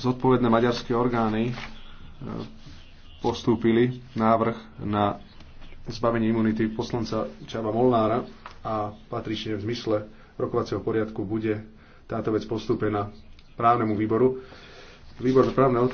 zodpovedné maďarské orgány e, postúpili návrh na zbavenie imunity poslanca Čaba Molnára a patrične v zmysle rokovacieho poriadku bude táto vec postúpená právnemu výboru. Výbor za právne otázky